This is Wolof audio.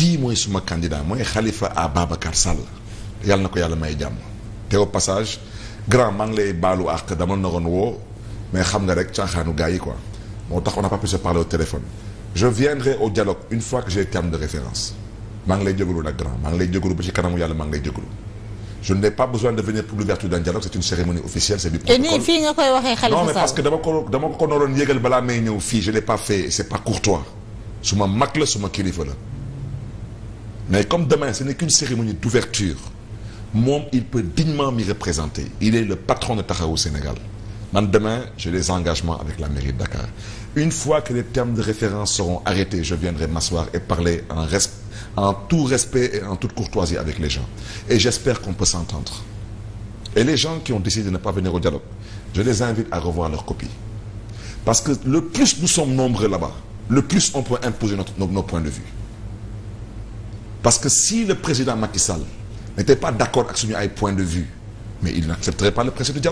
kii mooy suma candidat mooy Khalifa Ababacar Sall yàlla na ko yàlla may jàmm te au passage grand maa ngi lay baalu àq dama naroon woo mais xam nga rek caaxaanu gaa yi quoi moo tax on n'a pas pu se parler au téléphone je viendrai au dialogue une fois que j'ai terme de référence maa lay jégalu nag grand maa ngi lay jégalu ba ci kanamu yàlla maa ngi lay jégalu je n'ai pas besoin de venir pour l'ouverture d'un dialogue c'est une cérémonie officielle c'est nii fii que dama ko dama ko naroon yégal balaa may ñëw fii je l'ai pas fait ma mag la su kilifa la mais comme demain ce n'est qu'une cérémonie d'ouverture moom il peut dignement m'y représenter il est le patron de Taxawu Sénégal man demain j'ai des engagements avec la mairie de Dakar une fois que les termes de référence seront arrêtés je viendrai m'asseoir et parler en res en tout respect et en toute courtoisie avec les gens et j'espère qu'on peut s'entendre et les gens qui ont décidé de ne pas venir au dialogue je les invite à revoir leurs copies parce que le plus nous sommes nombreux là-bas le plus on peut imposer notre, nos, nos points de vue parce que si le président Macky Sall n'était pas d'accord avec suñu ay point de vue mais il n'accepterait pas le principe du